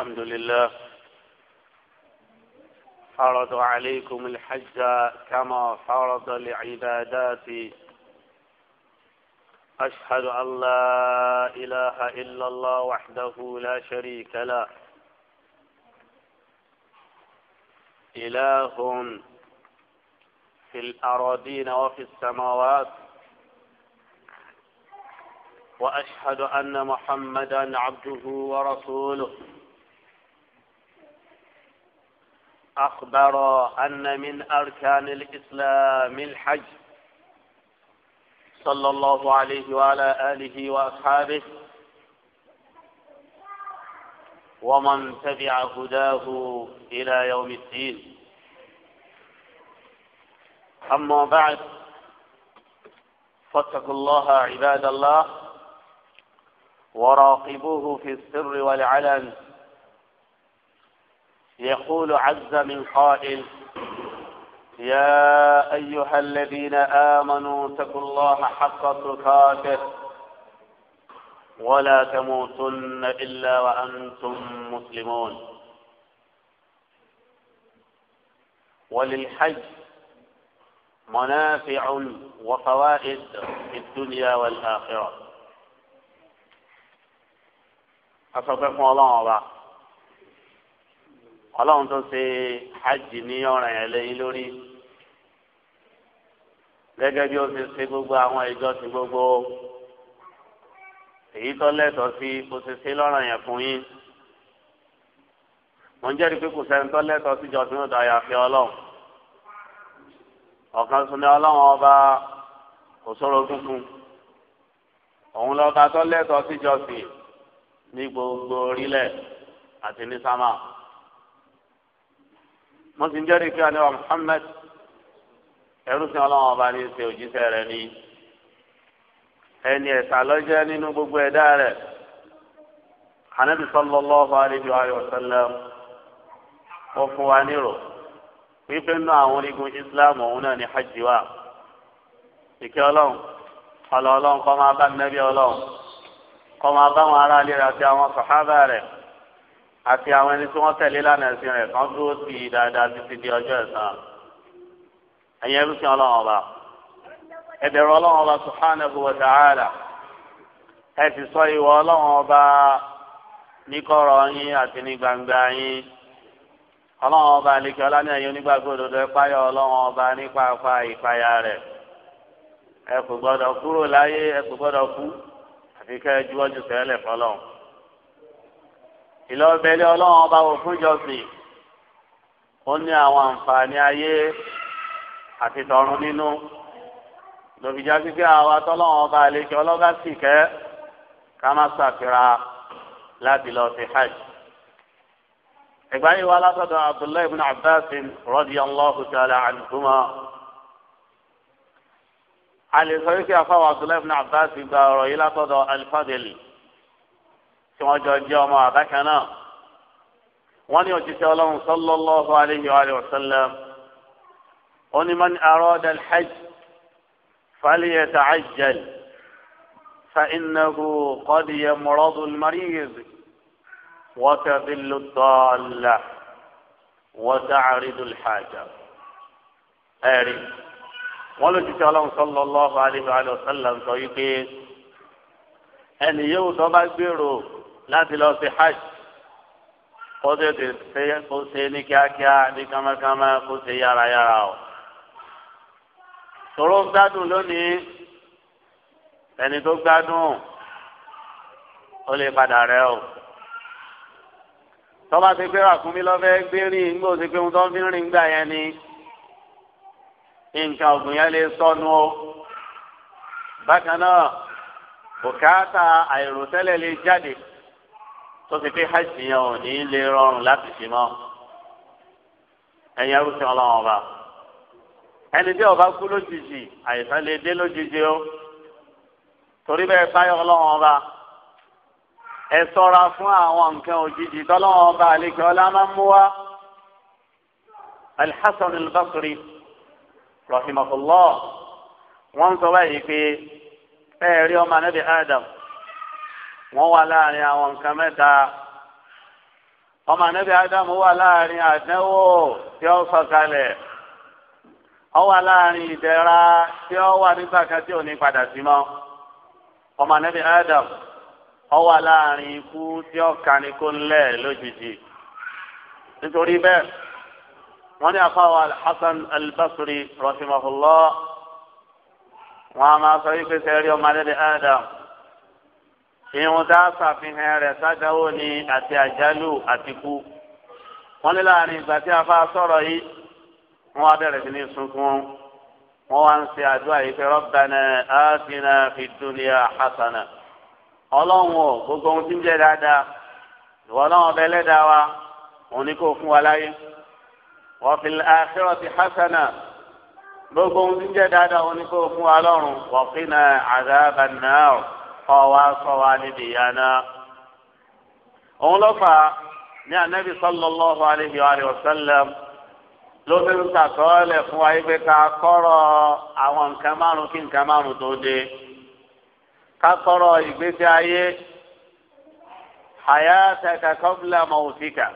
الحمد لله فرض عليكم الحج كما فرض لعباداتي أشهد أن لا إله إلا الله وحده لا شريك له إله في الأراضين وفي السماوات وأشهد أن محمدا عبده ورسوله أخبر أن من أركان الإسلام الحج صلى الله عليه وعلى آله وأصحابه ومن تبع هداه إلى يوم الدين أما بعد فاتقوا الله عباد الله وراقبوه في السر والعلن يقول عز من قائل يا أيها الذين آمنوا اتقوا الله حق تقاته ولا تموتن إلا وأنتم مسلمون وللحج منافع وفوائد في الدنيا والآخرة أصدقكم الله ọlọ́run tó ṣe hajj ní ọ̀ràn yẹn lẹ́yìn lórí gẹ́gẹ́ bí ó ṣe ṣe gbogbo àwọn ìjọsìn gbogbo èyí tó lẹ́tọ̀ọ́ sí kó ṣe ṣe lọ́ràn yẹn fún yín mo ń jẹ́rìí pé kò sẹ́ni tó lẹ́tọ̀ọ́ sí ìjọsìn ọ̀dọ̀ àyàfi ọlọ́run ọ̀kan sùn ní ọlọ́run ọba kò sọ̀rọ̀ tuntun òun lọ́ba tó lẹ́tọ̀ọ́ sí ìjọsìn ní gbogbo orílẹ̀ àti ní sámà wọ́n ti ń jẹ́rìí pé àníwá Muhammad ẹrú sí ọlọ́wọ́n ọba ní ṣe òjíṣẹ́ rẹ̀ ní ẹni ẹ̀sà lọ́jẹ́ nínú gbogbo ẹ̀dá rẹ̀ anabi sallallahu alayhi wa sallam ó fún wa nírò wípé nínú àwọn onígun Islam òun náà ní hajj wa ìkẹ́ ọlọ́run ọlọ́run kọ́ máa bá nẹ́bí ọlọ́run kọ́ máa bá wọn aráàlú rẹ̀ àti àwọn sàhábà rẹ̀. àti àwọn ẹni tí wọ́n tẹ̀lé lánàá ẹ̀sìn rẹ̀ kan dúró sí dáadáa títí di ọjọ́ ẹ̀san ẹ̀yin ẹrú sí ọlọ́run ọba ẹ̀bẹ̀rù ọlọ́run ọba subhanahu wa ta'ala ẹ sì sọ ìwọ ọlọ́run ọba ní yín àti ní gbangba yín ọba àlekè ìlọ́bẹ̀lẹ̀ ọlọ́run ọba wò fún jọ́sìn ó ní àwọn àǹfààní ayé àti tọ̀run nínú lòbìjà pípé àwa tọ́lọ́run ọba àlejò ọlọ́gá sì kẹ́ ká má ṣàfihàn láti lọ sí hajj. إبراهيم ولا تدع عبد الله بن عباس رضي الله تعالى عنهما على ذلك أخو عبد الله بن عباس قال إلى تدع الفضل tí wọ́n jọ jẹ́ ọmọ àbákan náà wọ́n ní òjíṣẹ́ ọlọ́run sallallahu alayhi wa sallam ó ní man arada al-hajj falyata'ajjal fa'innahu qad yamradu al-marid wa tadillu ad-dalla wa ta'ridu al-haja ẹ̀rí wọ́n ọlọ́run sallallahu alayhi wa sallam sọ yìí pé ẹnì yóò tó bá gbèrò láti lọ sí hajj kó tètè ṣe kó ṣe ní kíákíá ní kámákámá kó ṣe yárayára o. tòró gbádùn lónìí ẹni tó gbádùn ó lè padà rẹ o tọ́ba ti gbéra fún mi lọ́fẹ́ gbé rìn nígbà tó ti pé ohun tó ń fi rìn gbà yẹn ni nǹkan ọ̀gbìn yẹn lè sọnù o bákan náà bùkátà àìròtẹ́lẹ̀ lè jáde tó ti pé hajj yẹn ò ní lè rọrùn láti fi mọ́ ẹ̀yin arúgbó ọlọ́run ọba ẹni tí ọba kú lójijì àìsàn lè dé lójijì o torí bẹ́ẹ̀ báyọ̀ ọlọ́run ọba ẹ ṣọ́ra fún àwọn nǹkan òjijì tọ́lọ́run ọba àlejò ọlá máa ń mú wá alḥasan al rahimahullah wọ́n sọ báyìí pé ẹ rí ọmọ anábì adam wọ́n wà láàrin àwọn nǹkan mẹ́ta ọmọ ànábì ádámù wà láàrin àdánwò tí ó sọ̀kalẹ̀ ó wà láàrin ìdẹ̀ra tí ó wà nígbà kan tí ò ní padà sí mọ́ ọmọ ànábì ádámù ó wà láàrin ikú tí ó kani kó ńlẹ̀ lójijì nítorí bẹ́ẹ̀ wọ́n ní afáwà hasan albasri rahimahullah wọ́n a máa sọ wípé sẹ́rí ọmọ ànábì ádámù ìrun tá a ṣàfihàn rẹ̀ sádáwó ni àti àjálù àti kú wọn ní láàrin ìgbà tí a fa sọ̀rọ̀ yìí wọn wá bẹ̀rẹ̀ sí ní sunkún wọn wá ń ṣe àdúrà yìí pé Rabbana atina fid dunya hasana ọlọ́run o gbogbo ohun tí ń jẹ́ dáadáa ìwọ ọlọ́run ọbẹ̀ ẹlẹ́dàá wa òun ni kò fún wa láyé wa fil akhirati hasana gbogbo ohun tí ń jẹ́ dáadáa òun ni kò fún wa lọ́run wa qina adhaban nar kọ́ wa sọ wa níbi ìyá náà. òun ló fà á ní anabi sallallahu alayhi wa sallam ló fi ń sàkọọ́lẹ̀ fún wa yìí pé ká kọ́rọ̀ àwọn nǹkan márùn kí nǹkan márùn tó dé ká kọ́rọ̀ ìgbésí ayé hayataka qabla mautika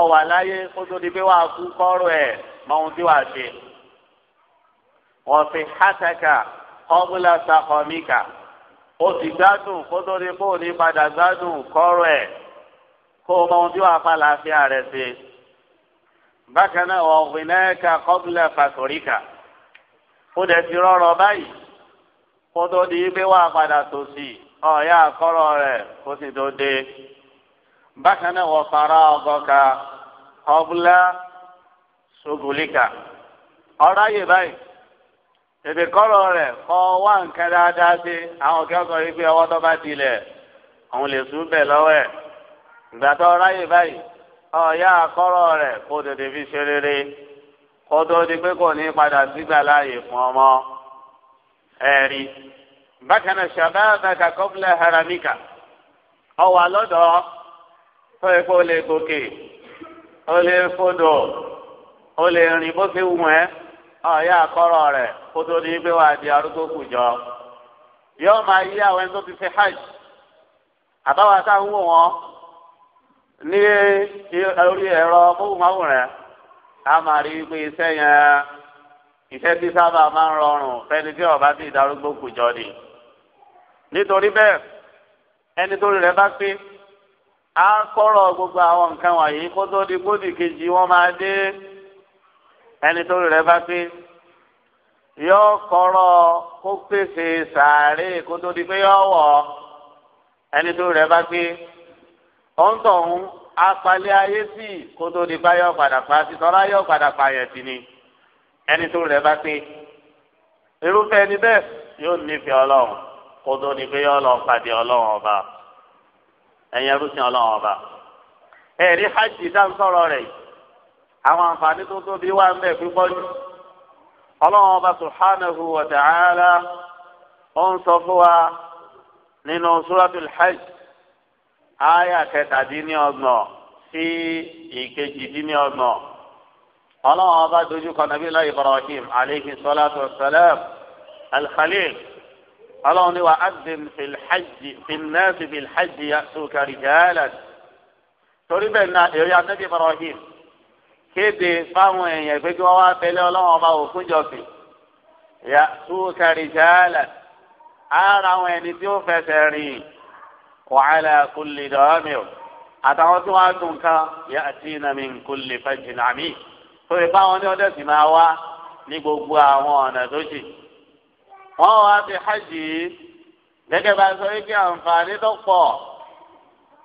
ọwà láyé kó tó di pé wàá kú kọ́rọ̀ ẹ̀ mọ̀hún tí wàá ṣe wa sihhataka qabla saqamika ó ti gbádùn kó tó ní kó o ní padà gbádùn kọ́rọ̀ ẹ̀ kó o mọ ohun tí wàá fa làáfíà rẹ̀ ṣe. bákan náà wọ́n fi náà ka kọ́bílẹ̀ fàtòríkà ó dẹ̀ ti rọrọ̀ báyìí kó tó ní pé wàá padà tòsí ọ̀ọ́yà kọ́rọ̀ rẹ̀ kó sì tó dé. bákan náà wọ́n fara ọgọ́ka kọ́bílẹ̀ sógùlíkà ọ̀ráyè báyìí tètè kọ́rọ̀ rẹ̀ kọ́ wá nǹkan dáadáa sí àwọn kẹ́kọ̀ọ́ yìí pé ọwọ́ tó bá dilẹ̀ òun lè sùn bẹ̀ lọ́wọ́ ẹ̀ ìgbà tó ráyè báyìí ọ̀ọ́yá kọ́rọ̀ rẹ̀ kó tètè fi ṣe rere kó tó di pé kò ní padà sígbà láàyè fún ọmọ ẹ̀rí. bákan náà ṣàbáàbàkà kọ́bílẹ̀ haramika ọwà lọ́dọ̀ tó yẹ lè gòkè ó lè fodò ó lè rìn bó ṣe wù ẹ́. ọ̀ọ́yá akọrọ rẹ kó tó di pé di arúgbó kù jọ yóò máa yí àwọn ẹni tó ti fi hajj àbáwá táwọn wò wọn ní orí ẹ̀rọ móhùnmáwòrán a máa rí pé iṣẹ́ yẹn iṣẹ́ tí sábà máa ń rọrùn fẹ́ni tí ọba ti darúgbó kù jọ ni nítorí ẹni tó rẹ bá pé gbogbo àwọn nǹkan kódì kejì máa dé. ẹni tó rẹ̀ bá pé yọ kọ́rọ́ kó pèsè sàárè kó tó di pé yọ wọ̀ ẹni tó rẹ̀ bá pé ọ̀ǹtọ̀hún apalẹ̀ ayé sí kó tó di bá yọ padà pa títọ́lá yọ padà pa yẹn sí ni ẹni tó rẹ̀ bá pé irúfẹ́ ẹni bẹ́ẹ̀ yóò nífẹ̀ẹ́ ọlọ́run kó tó di pé yọ lọ pàdé ọlọ́run ọba ẹ̀yin ẹrú ọlọ́run ọba ẹ̀rí hajj dá sọ̀rọ̀ rẹ̀ yìí àwọn àǹfààní tó tóbi wà ń bẹ̀ pípọ́ jù ọlọ́run ọba subhanahu wa ta'ala ó ń sọ fún wa nínú suratul hajj aya kẹtàdínlọ́gbọ̀n sí ìkejìdínlọ́gbọ̀n ọlọ́run ọba dojú kọ nàbí ilá ibrahim aleyhi salatu wa salam alkhalil ọlọ́run ni wà á dín fil hajj fil nasi fil torí bẹ́ẹ̀ náà èrè anábì ibrahim kéde fáwọn èèyàn pé kí wọ́n wá tẹ́lẹ̀ ọlọ́wọ́n ọba òkúnjọsìn ìyá tú kàrìjálà ara àwọn ẹni tí ó fẹsẹ̀ rìn wàhálà kùlì dọ́ọ̀mìọ̀ àtàwọn tí wọ́n á dùn kan ìyá àti ìnàmì kùlì fẹ̀jìnàmì tó ìbá wọn ní ọdẹ sì máa wá ní gbogbo àwọn ọ̀nà tó jì wọ́n wá fi hajj gẹ́gẹ́ bá a sọ wípé àǹfààní tó pọ̀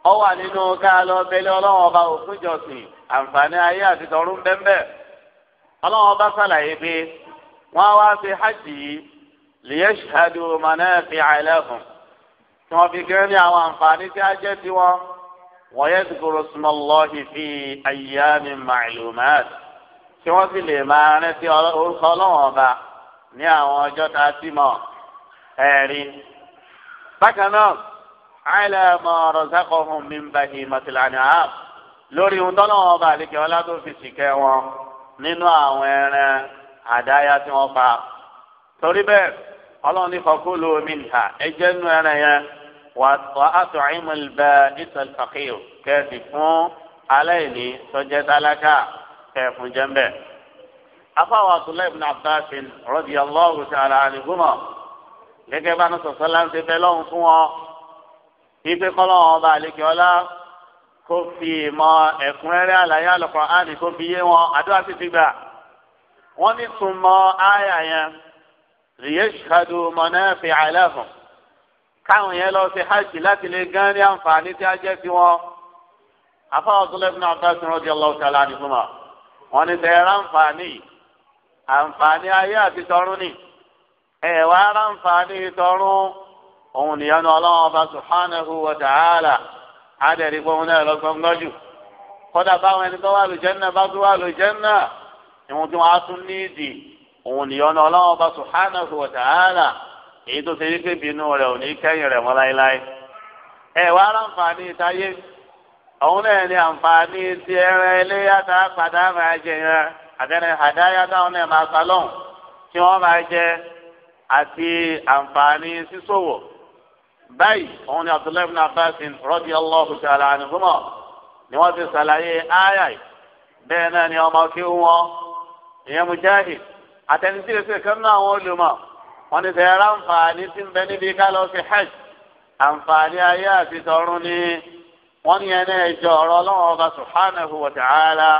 ọ wà nínú ká lọ tẹ́lẹ̀ ọlọ́wọ́n ọba òkúnjọsìn àǹfààní ayé àti tọ̀run bẹ́ẹ̀ ọlọ́wọ́n bá sàlàyé pé wọ́n á wá fi hajj yìí liyashhadu manafi'a lahum tí wọ́n fi kéré ní àwọn àǹfààní tí a jẹ́ tiwọn wọ́n yadhkuru ismallahi fi ayyamin ma'lumat tí wọ́n sì lè máa rántí orúkọ ọlọ́wọ́n ọba ní àwọn ọjọ́ tá a ti mọ̀ ẹ̀rí. bákan náà ala ma razaqahum min bahimatil an'am lórí ohun tọ́lọ́wọ́n ọba àlekè ọlá tó fi sìkẹ́ wọn nínú àwọn ẹran àdáyá tí wọ́n pa torí bẹ́ẹ̀ ọlọ́run ní fakulu minha ẹjẹ́ nínú ẹran yẹn wà á tó ìmọ̀ ìbẹ́ ìtàn fàkìr kẹ́ẹ̀sì fún aláìní sọjẹ́ tálákà kẹ́ẹ̀fún jẹ́ńbẹ́. afáwọn abdullahi ibn abbas radiyallahu ta'ala anhuma gẹ́gẹ́ bá ní sọ̀sọ́ láǹtẹ̀ bẹ́ẹ̀ lọ́hùn fún wọn ìgbẹ́kọ́lọ́wọ́n kó fi ìmọ̀ ẹ̀kúnrẹ́rẹ́ àlàyé Al-Qur'ani kó fi yé wọn àdúrà sì ti gbà wọ́n ní túmọ̀ àyà yẹn liyashhadu manafi'a lahum káwọn yẹn lọ sí hajj láti lè gán ní àǹfààní tí a jẹ́ sí wọn afáwọn Abdullah ibn Abbas radiyallahu ta'ala anhuma wọ́n ní tẹ̀ ẹ̀rọ àǹfààní àǹfààní ayé àti tọ̀run ni ẹ̀wà ara àǹfààní tọ̀run òun nìyẹn ní ọlọ́wọ́n ọba subhanahu wa àádẹ́rì pé òun náà lọ́gbọ́ngbọ́n jù kọ́dà báwọn ẹni tó wà lùjẹ́nà bá tó wà lùjẹ́nà ìwọ̀n tí wọ́n á tún ní ìdì òun nìyọ́nà ọlọ́wọ́n ọba subhanahu wa ta'ala èyí tó ṣe wípé bínú rẹ̀ ò ní kẹ́yìn rẹ̀ mọ́ láéláé. ẹ wá láǹfààní ìtayé òun náà ní àǹfààní ti ẹran eléyàtà pàdánù ajẹ yẹn àtẹnẹ àdáyàtà òun náà máa salọ́hùn tí wọ́n máa jẹ àti àǹfààní sísòwò báyìí òun ni abdullahi ibn abbas radiyallahu ta'ala anhuma ni wọ́n ti sàlàyé ááyà yìí bẹ́ẹ̀ náà ni ọmọ kí wọn ìyẹn mujahid àtẹnití lè ṣe kán náà wọn lò mọ́ wọn ni sẹ́yìn ráǹfààní ti ń bẹ níbi ká lọ sí hajj àǹfààní ayé àti tọ̀run ni wọn ni ẹni ẹjọ ọ̀rọ̀ Ọlọ́run ọba subhanahu wa ta'ala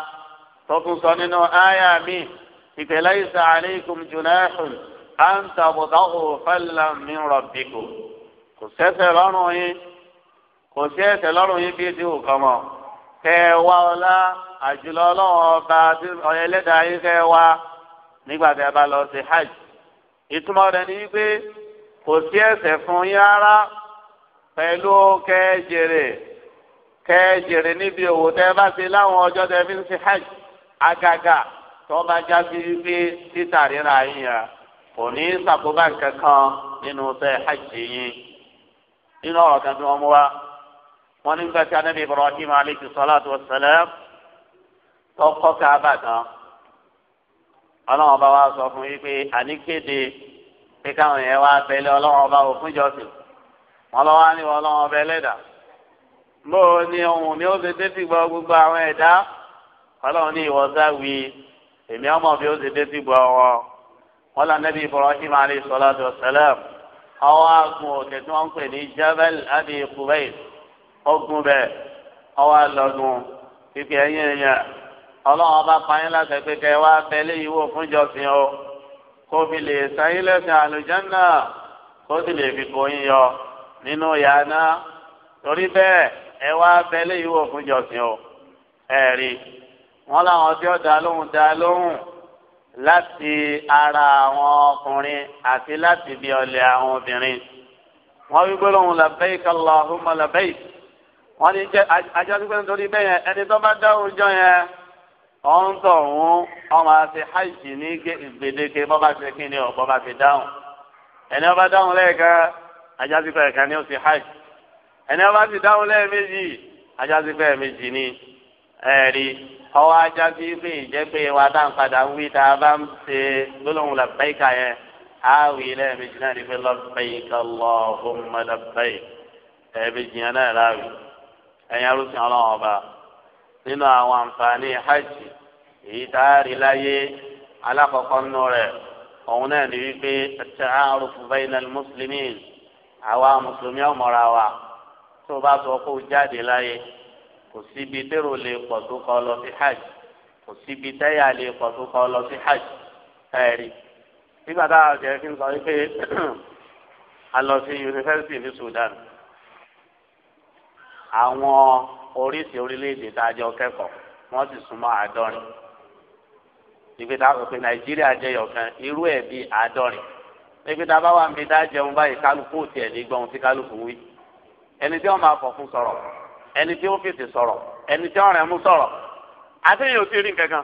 tọkùn sọ nínú ááyà mi ìtẹ̀lẹ́yìí sàlẹ̀ ìkùm jùlẹ̀ ẹ̀hùn àǹtà bùtàkù fẹ́lẹ̀ mi rọ̀ kò sẹ́sẹ̀ lọ́rùn yín kò sí ẹ̀ṣẹ̀ lọ́rùn yín bí ti wù kọ́ mọ́ kẹ́ ẹ wá ọlá àjùlọ ọlọ́run ọba ọyẹ ẹlẹ́dàá yín kẹ́ ẹ hajj ìtumọ̀ rẹ̀ ni wípé kò sí ara fún yín rárá pẹ̀lú kẹ́ ẹ jèrè kẹ́ ẹ jèrè níbi òwò tẹ́ ẹ bá láwọn ọjọ́ tẹ́ fi ń hajj àgàgà tó bá já sí wípé títà ríra yín kò ní ṣàkóbá kankan nínú tẹ́ nínú ọ̀rọ̀ kan tí wọ́n mú wa wọ́n ní gbàtí anábì Ibrahim alayhi salatu wa salam tọkọ káàbà tán ọlọ́wọ́n bá wa sọ fún yín pé àníkéde pé káwọn yẹn wá tẹ́lẹ̀ ọlọ́wọ́n bá wò fún ìjọsìn wọn lọ́wọ́ á ní ọlọ́wọ́n bẹ lẹ́dà bó ní ohun ní ó ṣe détí gbọ́ gbogbo àwọn ẹ̀dá ọlọ́wọ́n ní ìwọ sáwì èmi ọmọ bí ó ṣe détí gbọ́ wọn wọn lànà bí Ibrahim alayhi salatu wa salam. ọwọ́ agun òkè tí wọ́n ń pè ní jabal abi Ogunbe, ogun bẹ́ẹ̀ alọ́gun ẹ̀yìn ẹ̀yà ọlọ́wọ́n bá pààyàn láti pé kẹ́ ẹ wá tẹ́lẹ̀ ìwò fúnjọsìn o kó fi lè sáyé lẹ́sìn àlùjànnà kó sì lè fi yọ nínú yàrá torí bẹ́ẹ̀ ẹ láti ara àwọn ọkùnrin àti láti bí ọlẹ àwọn obìnrin wọn wí gbólóhùn labẹ́yì kàlọ́hùmọ́ labẹ́yì wọn ní jẹ́ ajásígbẹ́ nítorí bẹ́ẹ̀ yẹn ẹni tó bá dáhùn jọ yẹn ọ̀hún tọ̀hún ọmọ àti hajj ní gbèdéke bọ́bá ti kí ni ọ̀bọ́ bá ti dáhùn ẹni ọba dáhùn lẹ́ẹ̀kan ajásígbẹ́ ẹ̀ka ni ó ti hajj ẹni ọba ti dáhùn lẹ́ẹ̀mejì ajásígbẹ́ ẹ̀mejì ni ẹ̀rí ọwọ́ ajá bí bí ìjẹ́pẹ́ wa dá ń padà wí tá a bá ń ṣe gbólóhùn làbẹ́ẹ̀kà yẹn á wí lẹ́ẹ̀mejì náà ní pé lọ́bẹ́ẹ̀kà lọ́hùnmọ́ làbẹ́ẹ̀ ẹ̀ẹ́mejì yẹn náà láàwì ẹ̀yin arúgbìn ọlọ́run ọba nínú àwọn àǹfààní hajj èyí tá a rí láyé alákọ̀ọ́kọ́ nínú rẹ̀ òun náà ní wípé at-ta'arufu bayna al àwa mùsùlùmí ọmọra wa tó bá sọ kó jáde láyé kò síbi tẹ́rù lè pọ̀ tó kọ́ lọ sí hajj kò síbi tẹ́yà lè pọ̀ tó kọ́ lọ sí hajj ẹ̀rí. nígbà táwọn ọ̀jẹ̀ fi ń sọ wípé a lọ sí yunifásitì ní Sudan àwọn oríṣi orílẹ̀-èdè tá a jọ kẹ́kọ̀ọ́ wọ́n sì súnmọ́ àádọ́rin ìgbé tá a sọ pé Nàìjíríà jẹyọ kan irú ẹ̀ bíi àádọ́rin ìgbé tá bá wà ń bí dá báyìí kálukú ò tiẹ̀ ní gbọ́n tí kálukú wí ẹni tí wọ́n máa fọ̀ fún sọ̀rọ̀ ẹni tí ó fèsì sọ̀rọ̀ ẹni tí ọ̀rẹ́ mú sọ̀rọ̀ àti tí rí nǹkan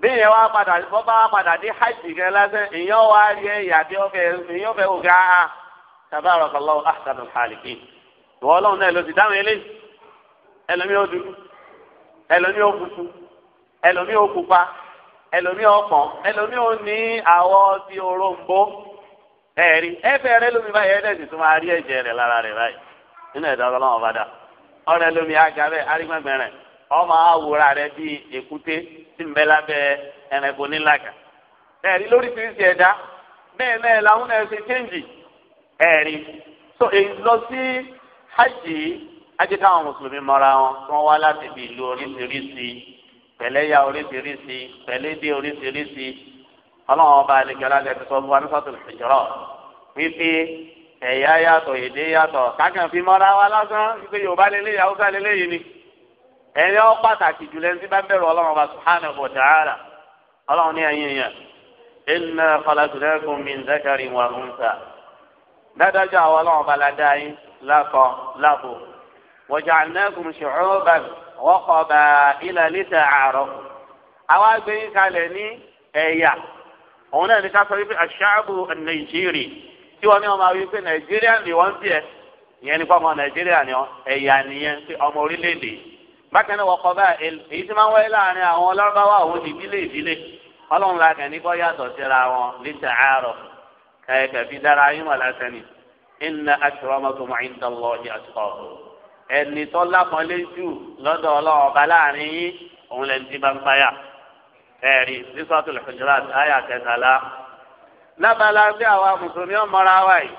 bí ìyẹn wá padà bọ́ bá wá padà dé hajj kan lásán ìyẹn wá rí ẹ̀yà tí ó fẹ́ ìyẹn fẹ́ ògá a ah, ah, tabarakallahu ahsanul khaliqin ìwọ ọlọ́run náà dáhùn ẹlòmí ó dúdú ẹlòmí ó ẹlòmí ó pupa ẹlòmí ó ẹlòmí ó ní ti rẹ lómi báyìí máa rí lára báyìí nínú ọba dáa. ọ̀rẹ́ lómi àga bẹ́ẹ̀ arígbàgbẹ̀rẹ̀ ọmọ àwòrán rẹ bíi èkúté tí ń bẹ lábẹ́ ẹranko nílàkà. ẹ̀rí lóríṣiríṣi ẹ̀dá bẹ́ẹ̀ náà làwọn náà ṣe kéńjì so èyí lọ sí hajj ajé káwọn mùsùlùmí mọ́ra wọn wọ́n wá láti bi ìlú oríṣiríṣi pẹ̀lẹ́yà oríṣiríṣi oríṣiríṣi ọba ti sọ fún wa ẹ̀yà yàtọ̀ èdè yàtọ̀ kákan fi mọ́ra wa lásán pé yorùbá lélẹ́ yàwó sá lélẹ́ yìí ni ẹ̀yà ọ pàtàkì jùlọ ẹni tí bá bẹ̀rù ọlọ́run bá subhanahu wa ta'ala ọlọ́run ní ẹ̀yìn yẹn inna khalaqnakum min dhakarin wa untha dádájọ́ àwọn ọlọ́run bá ládá yín lákọ lábò wa ja'alnakum shu'uban wa qaba'ila lita'arafu àwọn agbẹ́yìn kalẹ̀ ní ẹ̀yà tí wọ́n ní ọmọ àwọn wípé nàìjíríà ni wọ́n ń bí ẹ ìyẹn ní pọ́nmọ́ nàìjíríà ni ẹ̀yà nìyẹn tí ọmọ orílẹ̀-èdè bákan náà wọ́kọ̀ bá èyí tí máa ń wáyé láàrin àwọn ọlọ́rọ̀báwá àwọn ìdílé ìdílé ọlọ́run la kàn ní kọ́ yàtọ̀ síra wọn níta àárọ̀ kẹ̀kẹ́ fi dára yín wà lásán ni ẹni tó lápọ̀lé jù lọ́dọ̀ ọlọ́run bá láàrin yín òun lẹ́ni tí bá ń fáyà ẹ̀rí sísọ́tò lẹ́kọ̀ọ́ lábala bí àwa mùsùlùmí ọmọra wa yìí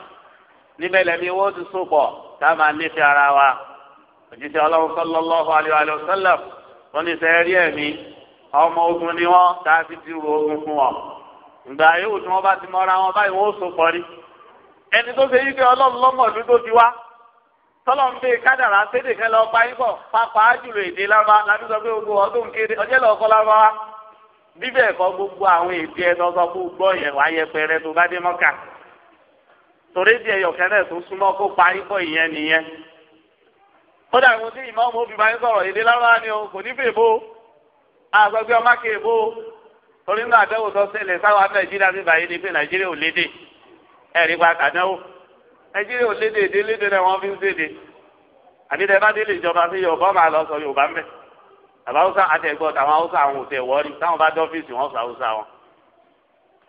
níbẹ̀ lẹ́mi wọ́n ti sùn pọ̀ tá a máa nífẹ̀ẹ́ ara wa òjíṣẹ́ ọlọ́run sallallahu alaihi wa sallam wọ́n ní sẹ́ẹ́ rí ẹ̀mí ọmọ ogun ni wọ́n tá a ti ti ru ogun fún wọn. ìgbà yóò tí wọ́n bá ti mọ́ra wọn báyìí wọ́n sùn pọ̀ ni. ẹni tó ṣe yí pé ọlọ́run lọ́mọ̀dú tó ti wá tọ́lọ̀ ń bẹ kádàrá sédèkẹ́ lọ pa yín pọ̀ pàápàá jùlọ èdè bíbẹ̀ kọ́ gbogbo àwọn èdè ẹnu ọgbọ́n kó gbọ́ yẹn wá yẹpẹrẹ tó bá dé mọ́kà torí díẹ̀ yọ̀kẹ́ tó súnmọ́ kó parí kọ́ ìyẹn nìyẹn kódà ìwọ tí ìmọ̀ọ́mù obìnrin máa sọ̀rọ̀ èdè lárúbáwá ni o kò ní fè bó àgbẹ̀gbẹ̀ ọmọ kè bó torí náà àbẹ̀wò tó ṣẹlẹ̀ sáwọn nàìjíríà ti bàyí ni pé nàìjíríà ò léde ẹ̀rí pa kànáwó nàìjíríà ò léde èdè léde náà wọ́n fi ń àbá haúsá àtẹ̀gbọ́ tàwọn haúsá àwọn ò tẹ̀ wọ́ọ́rì táwọn bá dọ́fíìsì wọn sọ haúsá wọn.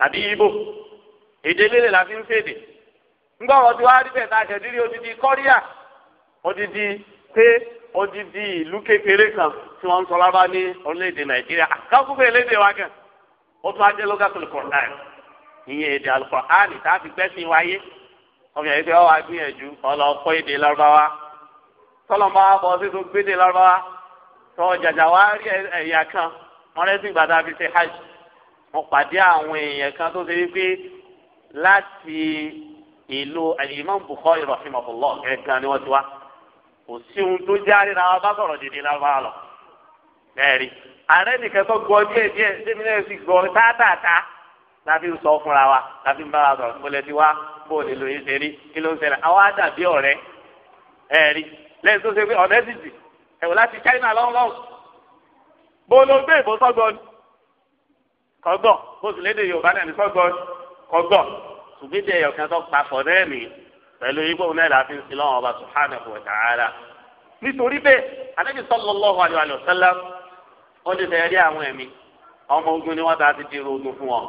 àbí ibo èdè lélẹ̀ la fi ń fèdè ńgbọ́ wọn ti wá rí bẹ́ẹ̀ táṣẹ dírí odidi kọ́ríà odidi pé odidi ìlú kékeré kan tí wọ́n ń sọ lábá ní orílẹ̀-èdè nàìjíríà àkàkùn pé elédè wa kàn ó tún ajẹ́ lọ́gàtò kọ̀ọ̀tàn ìyẹn èdè alukọ̀hánì tá a fi gbẹ́sìn wáyé ọmọ yẹn pé ọ wá gbìyànjú ọlọ́ọ̀kọ́ èdè lárúbáwá tọ́lọ́mọ́ àbọ̀ sísun gbédè lárúbáwá tọ́ jàjà wá rí ẹ̀yà kan wọ́n rẹ́sìn gbàdá fi ṣe hajj mo pàdé àwọn èèyàn kan tó ṣe wípé láti ìlú Imam Bukhari rahimahullah ẹ̀gbọ́n ni wọ́n ti wá kò sí ohun tó járe ra wa bá sọ̀rọ̀ dèdè lábára lọ. bẹ́ẹ̀ni ààrẹ nìkan tó gbọ́ díẹ̀ díẹ̀ sẹ́mi náà sì gbọ́ tátàtà láfi sọ fúnra wa láfi ń bára sọ̀rọ̀ mo lẹ ti wá bó lè lóye ṣe rí kí ló ń ṣẹlẹ̀ àwa dàbí ọ̀rẹ́ ẹ̀rí lẹ́yìn tó ṣe pé ọ̀rẹ́ sì dì ẹ̀wọ̀ láti China lọ́wọ́lọ́wọ́ bó ló gbé ìbò sọ́gbọ́n kọ́gbọ́n bó sì léde Yorùbá náà ní sọ́gbọ́n kọ́gbọ́n ṣùgbọ́n ẹ̀yọ̀ kan tó pa fọ̀ náà nì pẹ̀lú igbó náà láti ń sin lọ́wọ́ ọba subhanahu wa ta'ala nítorí bẹ́ẹ̀ Ànábì sallallahu alaihi wa sallam ó ti fẹ́ rí àwọn ẹ̀mí ọmọ ogun ni wọ́n ta ti di ogun fún wọn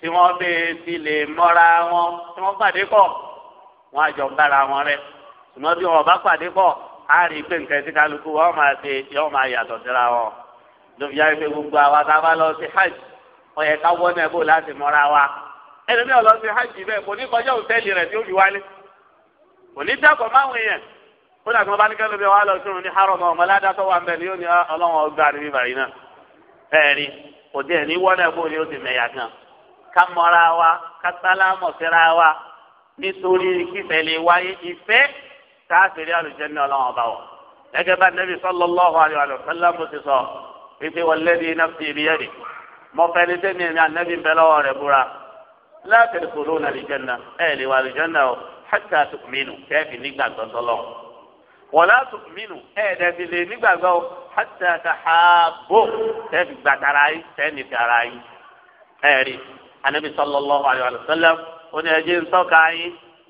tí wọ́n bẹ́ẹ̀ ti lè mọ́ra wọn tí wọ́n pàdé kọ́ wọn àjọ bára wọn rẹ̀ ṣùgbọ́n bí wọn bá pàdé kọ́ á rí i pé nǹkan tí kálukú wọn máa ṣe yóò máa yàtọ̀ síra wọn lóbi yára pé gbogbo àwa tá a bá lọ sí hajj ó yẹ ká wọ́n náà bò láti mọ́ra wa ẹlẹ́mi ọ̀ lọ sí hajj bẹ́ẹ̀ kò ní kọjá òtẹ́ẹ̀lì rẹ̀ tí ó fi wálé kò ní dàpọ̀ máwọn èèyàn kó dàgbọ́n bá ní kẹ́lẹ́ bí wàá lọ sírun ní haram ọmọ ládàtọ̀ wà mbẹ́ ni yóò ní ah, ọlọ́wọ́n ọgbà ní bíbá yìí náà bẹ́ẹ̀ ni kò dé ní wọ́n náà bò ni ó ti mẹ̀yà kan ká mọ́ra wa ká sálámọ̀ síra wa nítorí kífẹ́ lè wáyé ìfẹ́ káàkiri alùjẹ́ni ọlọ́wọ́n bá wọ̀ gẹ́gẹ́ bá nẹ́bí sallallahu alaihi wa sallam ti sọ wípé walladhi nafsi biyadihi mọ fẹ́ni tẹ́mi ẹ̀mí anẹ́bí ń bẹ lọ́wọ́ rẹ̀ búra la tadkhuluna aljanna ẹ̀ lè wà aljanna o hatta tu'minu kẹ́ẹ̀fì nígbàgbọ́ sọlọ́ wala tu'minu ẹ̀ dẹ̀fi lè nígbàgbọ́ hatta tahabbu kẹ́ẹ̀fì gbàtara yìí sẹ́ni tara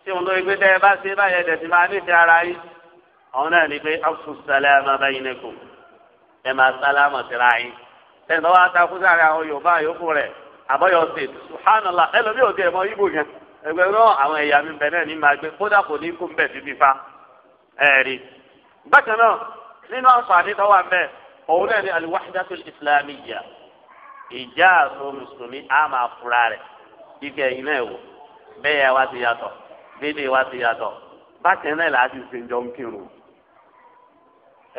tí wọn lóye pé tẹ́ ẹ bá ṣe báyẹn tẹ̀sí máa nífẹ̀ẹ́ ara yín àwọn náà ní pé afu sàlámà bayinakum ẹ máa sàlámà síra yín tẹ̀sí wọn á ta kú sáré àwọn yorùbá yòókù rẹ̀ àbọ̀yọ̀ ṣe subhanallah ẹlòmíì ò tiẹ̀ mọ ibo yẹn ẹgbẹ́ náà àwọn ẹ̀yà mi bẹ̀rẹ̀ ní máa gbé kódà kò ní kó ń fífi fa ẹ̀rí. bákan náà nínú àǹfààní tó wà bẹ́ẹ̀ òun náà ní al-wahdatul ìjà àtò mùsùlùmí á máa fura rẹ̀ kíkẹ́ iná yà wá ti yàtọ̀ lédè wa ti yàtọ̀ bákan náà là á ti ṣe jọ ń kírun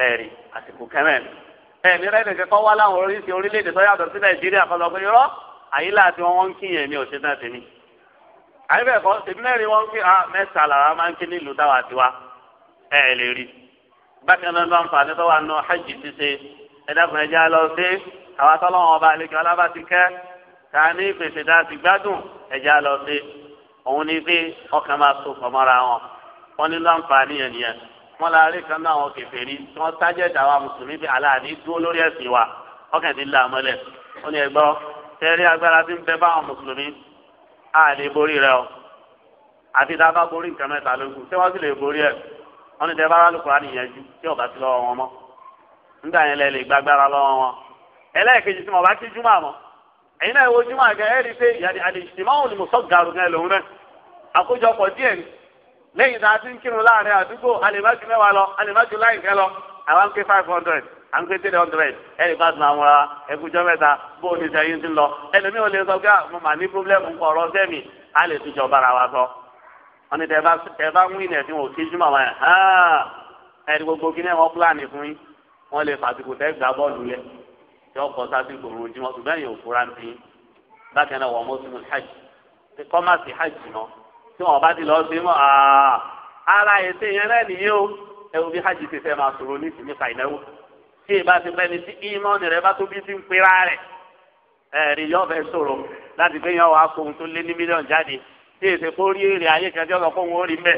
ẹ̀rí àsìkò kẹ́mẹ́rin ẹ̀mí rẹ̀ nìkan kọ́ wá láwọn oríṣi orílẹ̀-èdè tó yàtọ̀ sí nàìjíríà kan lọ pé irọ́ àyílà tí wọ́n ń kíyàn mi ò ṣe náà tèmi àyíbẹ̀ kọ́ tèmi náà rí wọ́n ń kí ah, mẹ́ta làwọn máa ń kí nílùú táwa tiwa ẹ̀ lè rí bákan náà lọ́n fà ní tó wà hajj ti ṣe ẹ̀dàkùnrin ẹja lọ sí àwọn atọ́lọ́wọ́n ọba àlejò alábàtíkẹ́ ká ní ìpèsè dá ti gbádùn ẹja lọ sí òun ni pé ọkàn máa so fọmọra wọn wọn ní láǹfààní yẹn nìyẹn wọn la rí kan náà àwọn kèfèrí tí wọn tájẹjà wa mùsùlùmí bí aláàní dúró lórí ẹsìn wa ọkàn ti là mọ́lẹ̀ wọn ni ẹgbọ tẹrí agbára tí ń bẹ báwọn mùsùlùmí á lè borí rẹ o àti tá a bá borí nǹkan mẹ́ta lókun tí wọn sì lè borí ẹ wọn ni dẹbàrà al nìyẹn ju tí ọba ti lọ́wọ́ wọn mọ́ nígbà yẹn lẹ lè gbàgbára lọ́wọ́ wọn ẹlẹ́ẹ̀kejì tí mo bá kí júmọ̀ àmọ́ ẹ̀yin náà wo júmọ̀ àgẹ́ ẹ̀rí pé yàrá àdìsímọ́ òní mo sọ gàrú gan lòún náà àkójọpọ̀ díẹ̀ ni lẹ́yìn tá a ti ń kírun láàrin àdúgbò alèmájú mẹ́wàá lọ alèmájú láìpẹ́ lọ àwa ń pé five hundred à ń pé three hundred ẹnì bá tún àwọn ará ẹkújọ mẹ́ta bó o ní sẹ́yìn ti lọ ẹlòmíì ò lè sọ pé ah, mo mà ní pírọ́blẹ́mù nǹkan ọ̀rọ̀ sẹ́mi a lè tún jọ bára wa sọ. wọ́n ní tẹ bá ń wí nẹ̀ tí wọ́n ò kí jùmọ̀ wọn hàn ah! ẹni gbogbo kí ní wọ́n pílánì fún yín wọ́n lè fàtìkù tẹ́ gbà bọ́ọ̀lù yẹ tí wọ́n kọ́ sásìkò rojúmọ́ ṣùgbọ́n èèyàn ò fura ń bí bákan náà wọ́n mọ́ hajj kọ́másì hajj náà tí wọn bá ti lọ sí mọ ara ètè yẹn náà nìyẹn o ẹwù bí hajj ti fẹ́ máa sọ̀rọ̀ ní ìsinmi fàìnáwó tí ìbá ti pẹ́ni tí ìmọ̀ọ́nì rẹ bá tó bí ti ń pera rẹ̀ ẹ̀rí yọ fẹ́ sọ̀rọ̀ láti fi yàn wá kóhun tó lé ní mílíọ̀nù jáde tí èsè kó rí èrè ayé kan tí ọ̀sán ó rí mẹ́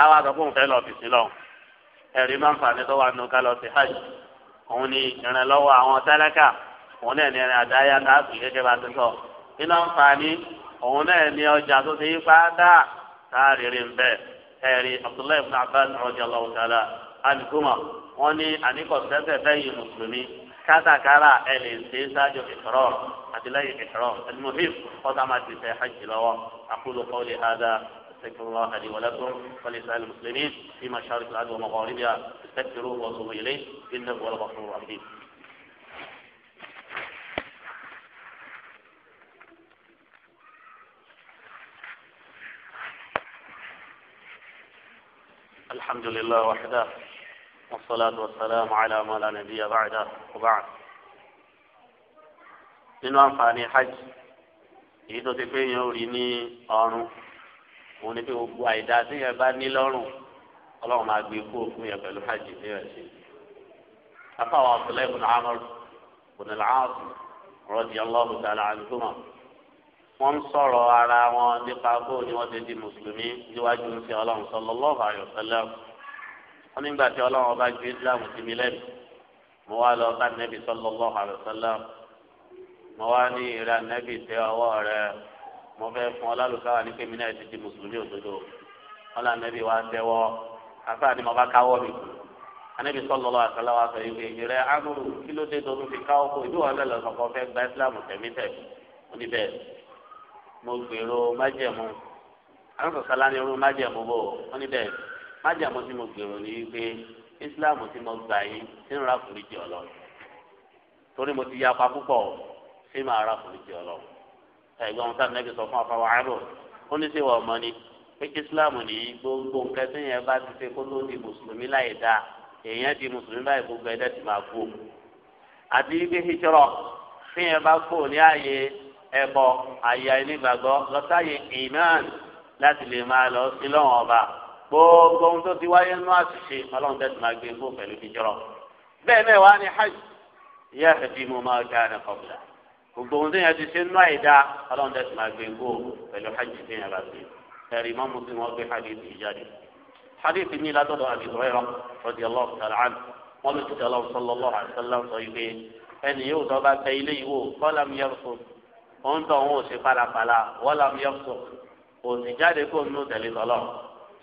àwọn àtọ̀kùn fẹ́ lọ fìsí lọ ẹ̀rí máa ń fà ní tọ́wọ́ àánú ká sí hajj òun ni ìrànlọ́wọ́ àwọn tálákà òun náà ni ẹni àdáyá náà sì gẹ́gẹ́ bá ti sọ nínú àǹfààní òun náà ni ọjà tó ti yí pátá sáàrìrì ń bẹ ẹ̀rí abdullahi ibn abbas radiyallahu ta'ala anhuma wọn ní àníkọ̀sẹ́sẹ̀ fẹ́yìn mùsùlùmí kátàkárà ẹ̀ lè ṣe ṣáájú ìfọ̀rọ̀ àti lẹ́yìn ìfọ̀rọ̀ ẹ̀dínmọ̀fíìm ọ̀tá máa ti fẹ́ hajj lọ́wọ́ aqulu qawli hadha استغفر الله لي ولكم ولسائر المسلمين في مشارق الارض ومغاربها استغفروه واتوبوا اليه انه هو الغفور الرحيم الحمد لله وحده والصلاة والسلام على ما لا نبي بعده وبعد من àǹfààní hajj èyí tó ti pé yẹn ò rí ní ọrùn òun ni pé gbogbo àìdá tí yẹn bá ní lọ́rùn ọlọ́run máa gbé kú òkú yẹn pẹ̀lú hajj ní ẹ̀ afáwọn ọ̀sẹ̀lẹ̀ ibùn amr ibùn al-aas radiyallahu ta'ala anhuma wọ́n ń sọ̀rọ̀ ara wọn nípa bó ni wọ́n ti di mùsùlùmí níwájú ń fi ọlọ́run sallallahu alaihi wasallam wọ́n nígbà tí ọlọ́run ọba ju islam sí mi lẹ́nu mo wá lọ bá nẹ́bí sallallahu alaihi wasallam mo wá ní ìrà nẹ́bí tẹ ọwọ́ rẹ mo fẹ́ fún ọlálùkáwà ní pé mi náà ti di mùsùlùmí òdodo wọn là nẹ́bí wa tẹ́wọ́ afẹ́ àti mo bá káwọ́ mi kù anẹ́bí sallallahu alaihi wasallam wa sọ ìwé ìrẹ́ amúrù kí ló dé fi káwọ́ kó ìdúwọ̀ mo gbèrò májẹ̀mú àwọn sọ̀sálá ní irú májẹ̀mú bò wọ́n ní bẹ́ẹ̀ májẹ̀mú tí mo gbèrò ní wípé islam tí mo gbà yín sínú ra foríjì ọlọ́run torí mo ti yapa púpọ̀ sí máa ra foríjì ọlọ́run ẹ̀gbọ́n sáà nẹ́bí sọ fún afáwọn àárọ̀ ó ní sèwọ̀ ọmọ ni pé islam ní gbogbo nǹkan tí yẹn bá ti ṣe kó ló di mùsùlùmí láyè dáa èèyàn di mùsùlùmí báyìí gbogbo ẹ̀dá ti máa kú àti wípé hijrọ̀ tí bá kú ní ààyè ẹbọ àyà ìnígbàgbọ́ lọ́tàyè iman láti lè máa lọ sí lọ́wọ́n ọba gbogbo ohun tó ti wáyé nínú àṣìṣe ọlọ́run tẹ̀sí máa gbé fún pẹ̀lú ìjọrọ̀ bẹ́ẹ̀ náà wá ní hajj ìyá ẹ̀fẹ̀ bí mo máa ga ẹ̀rẹ̀ kọ̀ọ̀bùdà gbogbo ohun tó yẹn ti ṣe nínú àìdá ọlọ́run tẹ̀sí máa gbé fún pẹ̀lú hajj tó yẹn bá gbé ẹ̀rí mọ́ mu sí wọn gbé hadith yìí jáde hadith ní látọ̀dọ̀ àbí ìrọ̀rọ̀ òun tó òun ò ṣe palapala wọ́lá mi yọ̀sọ̀ òsì jáde kó nù tẹ̀lé tọ́lọ̀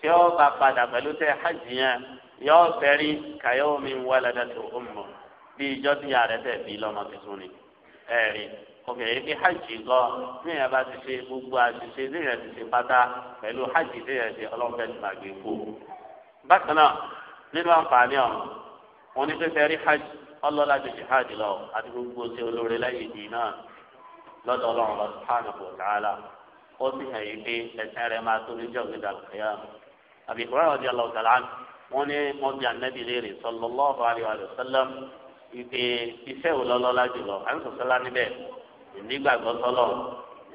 tí ó bá padà pẹ̀lú tẹ hajj yẹn yọ bẹ̀rí kàyọ́ mi ń wá lẹ́dẹ̀tò ọmọ bí ìjọ ti yà rẹ tẹ̀ bí lọ́mọ tuntun ni ẹ̀rí obìnrin bí hajj gan ní ìyẹn bá ti ṣe gbogbo àṣìṣe ní ìyẹn ti ṣe pátá pẹ̀lú hajj ní ìyẹn ti ọlọ́mọdé ti máa kú. bákan náà nínú àǹfààní ọ̀hún wọn ní pé rí hajj ọlọ́lá ju jihad lọ àti gbogbo ṣe olóore lẹ́yìn ìdì náà lọ́dọ̀ ọlọ́run lọ subhanahu wa ta'ala ó sì hàn yí pé ẹ̀sìn rẹ̀ máa tóbi jọ gbé dàlùkìyà àbí ìkúrẹ́ ọ̀dí ọlọ́ọ̀tàlá wọn ní wọn bí anabi léèrè sallallahu alaihi wa sallam ìpè iṣẹ́ wò lọ́lọ́lá jùlọ àyùsọ̀sọ́lá níbẹ̀ ìnígbàgbọ́ sọlọ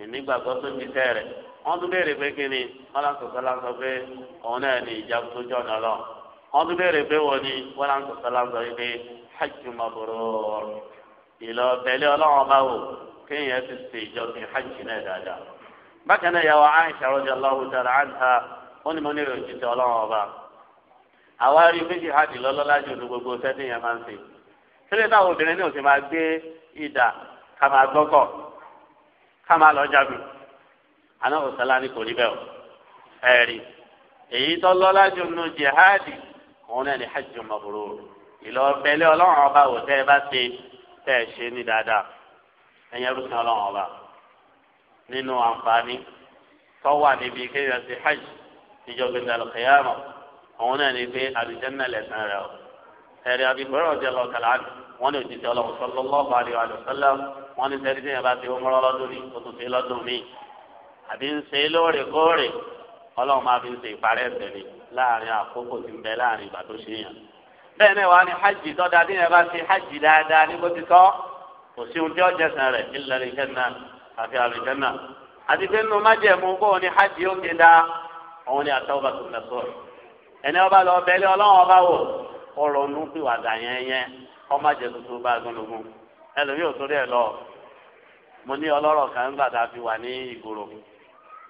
ìnígbàgbọ́ tó ti tẹ́ rẹ̀ wọ́n tún béèrè pé kí ni wọ́n lọ sọ̀sọ́lá sọ pé òun náà ní ìjà tó jọ̀nà lọ ya ti ṣe ìjọsìn na náà dáadáa bákan náà yàwó Aisha radiyallahu ta'ala anha ó ní mo ní ìròyìn títí ọlọ́run ọba àwa rí gbogbo ṣe sílẹ̀ táwọn obìnrin ni o èyí tó lọ́lájú nù jihadi òun náà ní hajj mabrur ìlọ ọlọ́run ọba ẹ ẹ̀yẹ rúṣin ọlọ́run ọba nínú àǹfààní tọ́wà níbi kéèyàn ti hajj níjọba ìdàlùkẹ́yàmọ̀ òun náà ní pé àlùjànnà lẹ̀sán rẹ̀ o ẹ̀rí abibọ̀rọ̀ ọ̀jẹ̀ lọ kàlá wọn ní òjijì ọlọ́run sallallahu alaihi wa sallam wọn ní sẹ́ni sẹ́yìn bá ti wọ́n mọ́rọ́ lọ́dún ní o tún fi lọ́dún míì àbí ń ṣe lóòrèkóòrè ọlọ́run máa fi ń ṣe ìparẹ́ ẹ̀sẹ̀ láàrin àkókò tí ń bẹ láàrin ìgbà tó ṣe yàn bẹ́ẹ̀ náà wà ní hajj tọ́da tí yẹn bá ṣe hajj dáadáa ní bó ti tọ́ kò sí ohun tí ó jẹsàn rẹ ilẹ̀ àlìjẹ́nà àfi àlìjẹ́nà àti pé nínú májẹ̀mú kó òní hajj ó ti da òun ni àtàwọn bá tún lẹ́sọ̀ ẹni ọba lọ bẹ́lẹ́ ọlọ́run ọba wò ọrọ̀ ọ̀nù pìwàdà yẹn yẹn ọmọ jẹ tuntun bá gbọ́nùgbọ́n ẹlòmíì ò torí ẹ lọ mo ní ọlọ́rọ̀ kan gbà tá a fi wà ní ìgboro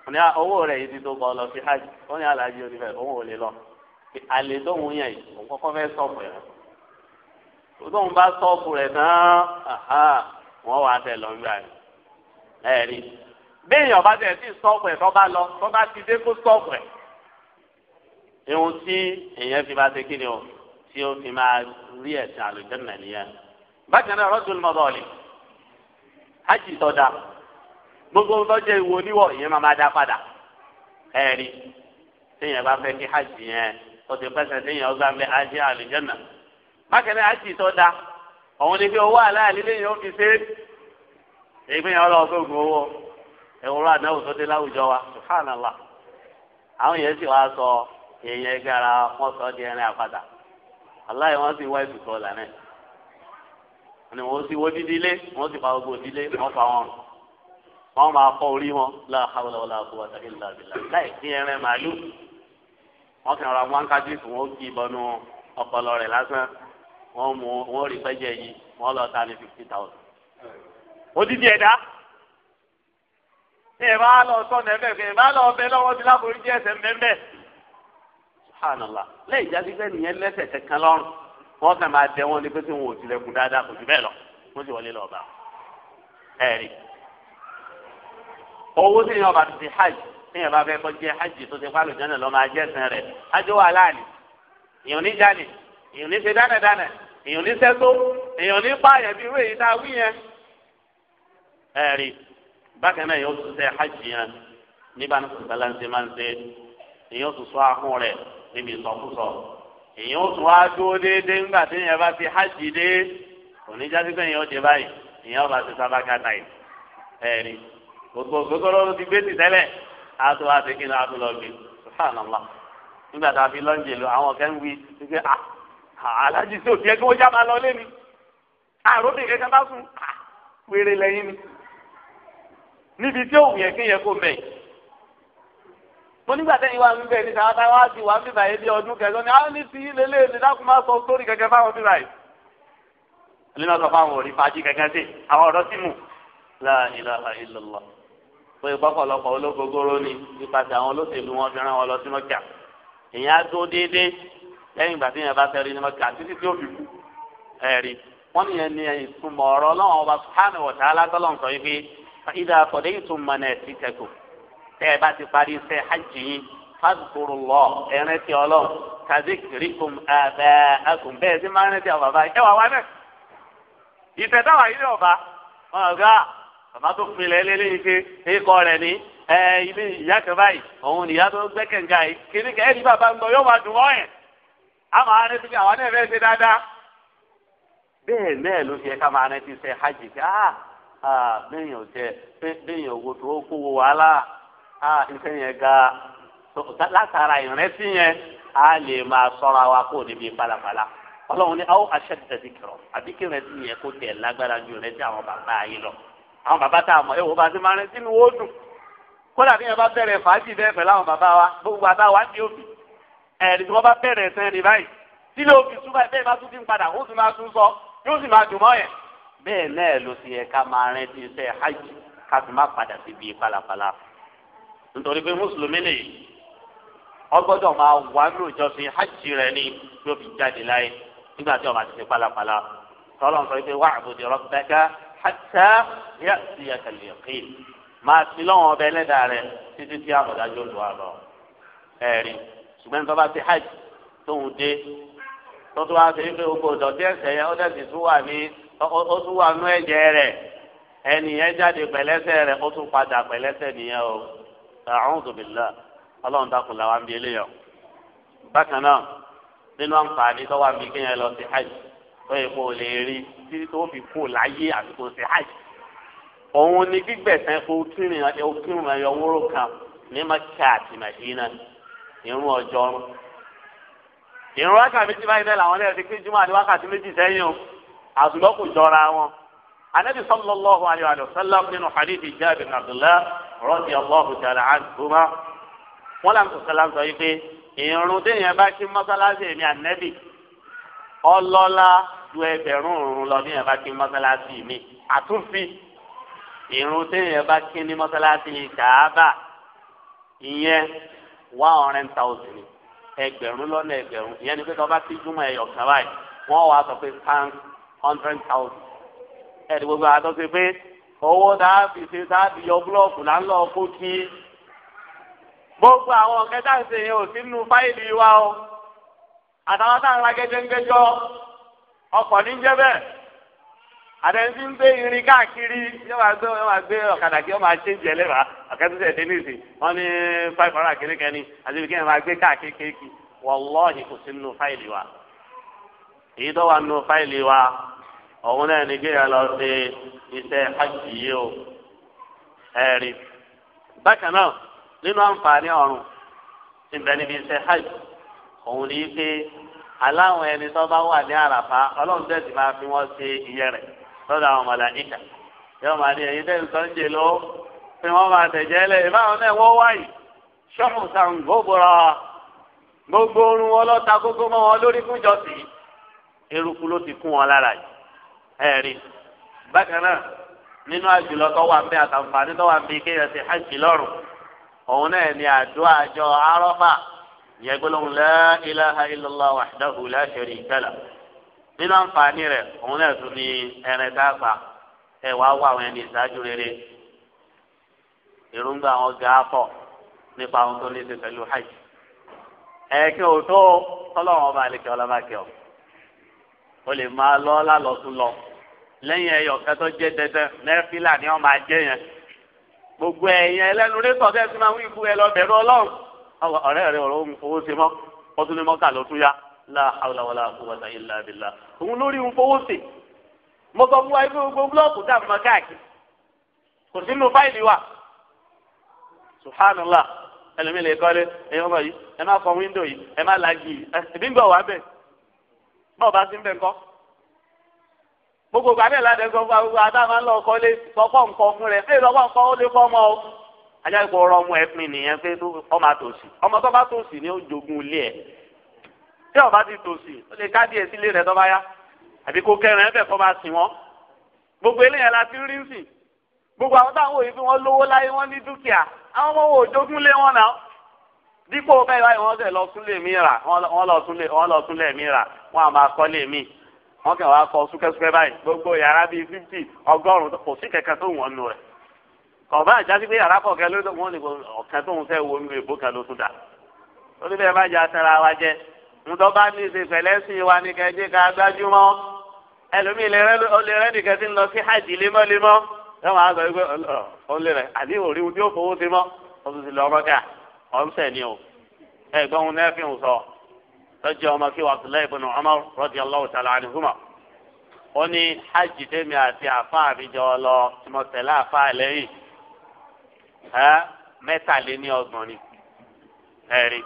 mo ní owó rẹ̀ yìí ti tó bọ́ lọ sí hajj ó ní aláàjì onífẹ̀ òun lè lọ àlè tóun yẹn òun kọ́kọ́ fẹ́ sọ̀pọ̀ yẹn tóun bá sọ́ọ̀bù rẹ̀ náà wọ́n wà tẹ̀ lọ gbà ní. ẹ̀rí béèyàn bá tẹ̀ sí sọ́ọ̀bù ẹ̀ tó bá lọ tó bá ti dé kó sọ́ọ̀bù ẹ̀. ihun tí èèyàn fi máa ṣe kí ni o tí ó fi máa rí ẹ̀sìn àlùjànnà nìyẹn. bákan náà rọ́jò mọ́bọ̀ọ̀lì ájì tọ́da gbogbo tọ́jú ìwo níwọ̀ ìyẹn máa máa dá padà. ẹ̀rí téèyàn bá fẹ́ kí ájì yẹn ó ti pẹ́sẹ̀ mákẹ́lẹ́ àti ìtọ́da ọ̀hún ni pé owó aláàlí lẹ́yìn ó fi ṣe é èyí pé yẹn ọlọ́wọ́ gbogbo owó ẹ̀wọ̀n àdáwò tó dé láwùjọ wa subhanallah àwọn yẹn sì wá sọ èèyàn ẹgbẹ́ ara wọn sọ di ẹrin àpàdà aláì wọn sì wá ìsùkọ lànà ni wọn sì wọ dídílé wọn sì pa gbogbo dídílé wọn fa wọn wọn máa fọ orí wọn la hawla wala quwwata illa billah láì sí ẹrin màálù wọn kàn ra wọn kájú ìfún wọn kì í ọpọlọ rẹ lásán. wọ́n mú wọ́n rí fẹ́jẹ̀ yìí wọ́n lọ ta ní fifty thousand. odidi ẹ̀dá ẹ bá lọ sọnà ẹ̀bẹ̀ kẹ ẹ bá lọ lọ́wọ́ ti láborí mbẹmbẹ. subhanallah lẹ́yìn jáde fẹ nìyẹn lẹsẹ kankan lọ́rùn wọ́n máa dẹ ní pé ò tilẹ̀kùn dáadáa kò jù bẹ́ẹ̀ lọ wọ́n sì wọlé hajj hajj èèyàn ní sẹ́tó èèyàn ní báyẹn bí wéyìí tá a wí yẹn. ẹ rí bákan náà yóò tún ṣe hajj yẹn nígbà tó sọ̀tà láǹṣẹ́ máa ń ṣe èèyàn tún sọ ahọ́n rẹ̀ níbi ìsọkúsọ èèyàn tún wá dúró déédéé ńgbà tí èèyàn bá ti hajj dé oníjàdí pé èèyàn dé báyìí èèyàn bá ti sábàkà náà ẹ rí gbogbo gbogbo ti gbé ti tẹ́lẹ̀ á tó wá kí n á tó lọ gbé nígbà tá a fi lọ́njẹ̀ lọ àwọn kẹ́ ń wí wípé ah alájí sí òfin ẹgbẹ́ ọjà máa lọ lé mi àròbìn kẹkẹ bá sùn ah, wéré lẹ́yìn mi níbi tí òun yẹ kí yẹ kó mẹ́yìn. mo nígbà tẹ́yìn wa ń bẹ̀ ní sàwọn táwọn á ti wà ń bíbà bí ọdún kẹsàn-án ni àwọn ah, ní ti yín lélẹ̀ ní dákun máa sọ sórí kẹkẹ fáwọn bíbà yìí. ẹni máa sọ fáwọn òní fàájì kẹkẹ sí àwọn ọ̀dọ́ sí mù la ilaha illallah pé ìpọ́pọ̀lọpọ̀ ológogoro ni nípasẹ̀ àwọn olóṣèlú wọn fi rán wọn lọ sí mọ́kà èèyàn á dúró déédéé lẹ́yìn ìgbà tí yẹn bá fẹ́ rí ní mọ́kà títí tí ó fi kú ẹ̀rí wọ́n ní yẹn ní ìtumọ̀ ọ̀rọ̀ ọlọ́run ọba subhanahu wa ta'ala tọ́lọ́n sọ yìí pé ìdá àkọ́dé ìtumọ̀ náà ti tẹ̀kù tẹ́ ẹ bá ti parí iṣẹ́ hajj yín fásitìrù lọ ẹ̀rín ti ọlọ́run kazikirikum abẹ́ akùn bẹ́ẹ̀ sí máa ń rántí àwọn bàbá ẹ wà wá náà ìtẹ̀dáwà yìí ní ọ̀bá wọn ọ̀gá bàbá tó pinlẹ̀ lélẹ́yìn pé ikọ̀ rẹ̀ ní ilé ìyá kan báyìí òun ìyá tó gbẹ́kẹ̀ǹga yìí kìnnìkan ẹ̀rí bàbá ń lọ yóò máa dùn ọ́ yẹn a máa rántí pé àwọn náà fẹ́ ṣe dáadáa bẹ́ẹ̀ náà ló fi ẹ̀ka máa rántí ṣe hajj pé ah bẹ́ẹ̀yàn jẹ bẹ́ẹ̀yàn owó tó kó wo wàhálà ah iṣẹ́ yẹn ga látara ìrántí yẹn a lè máa sọ́ra wa kó níbi pálapàla ọlọ́run ní aw ashadda dhikra àbí kí ìrántí yẹn kó tẹ̀ lágbára ju ìrántí àwọn bàbá yìí lọ àwọn bàbá tá a mọ̀ ẹ̀wọ̀n bá ti máa rántí ni wọ́n dùn kódà bí yẹn bá bẹ̀rẹ̀ fàájì bẹ́ẹ̀ pẹ̀lú àwọn bàbá wa gbogbo àtàwọn á di òbí ẹ̀rí tí wọ́n bá bẹ̀rẹ̀ ẹ̀sẹ̀ rẹ̀ báyìí sílé òfin súnmọ́ ẹ̀ bẹ́ẹ̀ bá tún ti ń padà ó sì máa tún sọ yóò sì máa dùn mọ́ yẹn. bẹ́ẹ̀ náà ló sì yẹ ká máa rìn ti iṣẹ́ hajj ká fi má padà sí ibi pálapàla nítorí pé mùsùlùmí lè ọgbọ́dọ̀ máa wà ní ìjọsìn hajj rẹ̀ ni yóò fi jáde láyé nígbà tí ọba ti ṣe pálapàla tọ́lọ́ sọ pé wa'bud rabbaka hatta ya'tiyaka al-yaqin máa ṣùgbọ́n tó bá ti hajj tóun dé tó tó wá sí pé gbogbo ìdọ̀tí ẹ̀sẹ̀ yẹn ó tẹ̀sí tún wà ní ó tún wà nú ẹ̀jẹ̀ rẹ̀ ẹni yẹn jáde pẹ̀lẹ́sẹ̀ rẹ̀ ó tún padà pẹ̀lẹ́sẹ̀ nìyẹn o a'udhu billah ọlọ́run dákun làwa ń bi eléyàn. bákan náà nínú àǹfààní tó wà ń bi kéèyàn lọ sí hajj tó yẹ kó o lè rí tí tó fi kú láyé àsìkò sí hajj. òun ni gbígbẹ̀sẹ̀ kó kírun ẹyọ wóró kan ní Mẹ́kà àti Mẹ́dínà irun ọjọ́ ọrùn irun wákàtí méjì báyìí bẹ́ẹ̀ làwọn ẹ̀rí pé jùmọ̀ àti wákàtí méjì sẹ́yìn o àtùgbọ́ kò jọra wọn. anabi sallallahu alayhi wa sallam nínú hadithi jaabi bin abdullah rọ́ọ̀dì allahu ta'ala anhuma wọn làm tó sàlám sọ yìí pé irun téèyàn bá kí mọ́sálásí èmi ànẹ́bì ọlọ́lá ju ẹgbẹ̀rún òrùn lọ téèyàn bá kí mọ́sálásí mi àtúnfin irun téèyàn bá kí ní mọ́sálásí kàábà ìyẹn one hundred thousand ẹgbẹ̀rún lọ́nà ẹgbẹ̀rún ìyẹn ni pé tí wọ́n bá ti júmọ̀ ẹ̀yọ̀ kan báyìí wọ́n wàá sọ pé pound hundred thousand ẹ̀ẹ́dì gbogbo àtọ́ ṣe pé owó dáa fi ṣe sáàbì yọ búlọ́ọ̀kù là ń lọ kó kí gbogbo àwọn kẹta ṣe yẹn ò sí nínú fáìlì wa o àtàwọn táwọn akẹ́kẹ́ ń gbẹ́jọ́ ọkọ̀ ní jẹ́ bẹ́ẹ̀. àtẹnudí ń gbé irin káàkiri yóò máa gbé yóò máa gbé ọ̀kadà kí yóò máa ṣe ń jẹ lẹ́wàá ọ̀kẹ́tùsẹ̀ tẹ́nísì wọ́n ní five hundred kìnnìkan ni àti ibi kí yẹn máa gbé káàkiri kéèkì wọ́lọ́ọ̀hì kò sí nínú fáìlì wa èyí tó wà nínú fáìlì wa òun náà ní gbé yẹn lọ sí iṣẹ́ hajj yìí o ẹ̀rí bákan náà nínú àǹfààní ọ̀run ti bẹ níbi iṣẹ́ hajj òun ní pé aláwọn ẹni tó bá wà ní àràfá ọlọ́run tẹ̀sí máa fi wọ́n ṣe iye lọ́dọ̀ àwọn màláíkà yọ máa ní ẹ̀yin tẹ́lẹ̀ sọ ń jè lọ pé wọ́n máa tẹ̀jẹ́ lẹ̀ ìbáwọn náà wọ́n wáyì ṣọ́ọ̀mù sàn gbóbora gbogbo orun wọn lọ́ta gbogbo mọ́ wọn lórí fún jọ́sìn eruku ló ti kún wọn lára yìí ẹ̀rí bákan náà nínú àjùlọ tó wà ń bẹ àtàǹfààní tó wà ń bẹ kéèyàn ti hajj lọ́rùn òun náà ni àdúrà àjọ arọ́fà yẹ gbólóhùn la ilaha illallah wahdahu la sharika lahu nínú àǹfààní rẹ̀ òun náà tún ní ẹrẹ tá a pa ẹ wàá wà àwọn ẹni ìṣáájú rere èròǹgbà àwọn ga pọ̀ nípa àwọn tó ní ṣe pẹ̀lú hajj ẹ̀ẹ́kẹ́ ò tó tọ́lọ́wọ́n ọba àlekẹ́ ọlọ́màkẹ́ ọ o lè máa lọ lálọ́tún lọ lẹ́yìn ẹ̀yọ̀ kẹtọ́ jẹ́ dẹ́dẹ́ nẹ́fílà ni wọ́n máa jẹ́ yẹn gbogbo ẹ̀yìn ẹlẹ́nu rí tọ́ tẹ́sí máa ń wí fún ẹ lọ bẹ̀rù ọlọ́run ọ̀rẹ́ rẹ ọ̀rọ̀ òun fowó ṣe mọ́ ó tún ló tún yá la hawla wala quwwata illa billah òun lórí òun fowó sè mo sọ fún wa ibi gbogbo búlọ́ọ̀kù dà mọ́ káàkiri kò sínú fáìlì wa subhanallah ẹlòmíì lè kọ́lé ẹ̀yin ọmọ yìí ẹ má fọ wíńdò yìí ẹ má lajì yìí ẹ̀sìn bọ̀ wá bẹ̀ bọ́ọ̀ bá sí ń bẹ̀ ńkọ́ gbogbo gbàdé ìlànà ẹ̀kọ́ fún wa gbogbo àtàwọn máa kọ́lé kọ́kọ́ nǹkan fún rẹ̀ fẹ́ẹ́ lọ́wọ́ nǹkan ó lè fọ́ ọmọ o ajá ìkọ̀ ọ̀rọ̀ ọmọ ẹ̀pin nìyẹn fẹ́ẹ́ ọmọ àtòsí ọmọ tó bá tòsí ni ó jogún ilé ẹ̀ tí ọba ti tòsí ó lè ká díẹ̀ sílé rẹ̀ tọ́ba yá àbí kó kẹrin ẹ̀fẹ̀ kọ́ bá sìn wọ́n gbogbo eléyàn la ti rí sìn gbogbo àwọn táwọn òye fi wọn lówó láyé wọn ní dúkìá àwọn ọmọ wo jogún lé wọn náà dípò bẹ́ẹ̀ báyìí wọ́n sẹ̀ lọ súnlé mi rà wọ́n lọ súnlé wọ́n lọ súnlé mi rà wọ́n àmọ́ akọ́lé mi wọ́n kàn wá kọ́ súkẹ́súkẹ́ báyìí gbogbo yàrá bíi fífítì ọgọ́rùn-ún kò sí kẹ̀kẹ́ tó wọ́n nù rẹ̀ kọ̀ọ̀bá àjásí pé yàrá kọ̀ọ̀kẹ́ ló wọ́n ní ọ̀kẹ́ tó ń fẹ́ wo èbó kan ló tún dà lórí bẹ́ẹ̀ má jẹ́ atẹ́ra wa jẹ́ ńdọ́ bá ní ìṣe pẹ̀lẹ́ sí wa ní kẹjẹ́ ká gbájúmọ́ ẹlòmíì lè rẹ́ nìkan tí ń lọ sí hajj lemọ́lemọ́ ẹ wọ́n á sọ wípé ọ̀lẹ́ rẹ̀ àbí òrí ojú ò fowó ti mọ́ ọdún ti lọ ọmọkà ọ̀nsẹ̀ ni o ẹ̀gbọ́n òun náà fi hùn sọ lọ́jọ́ ọmọ kí Abdullahi ibn Umar radiyallahu ta'ala anhuma ó ní hajj tèmi àti àfa àbíjọ lọ tí àfa lẹ́yìn mẹ́tàléní ọgbọ̀n ni ẹ̀rí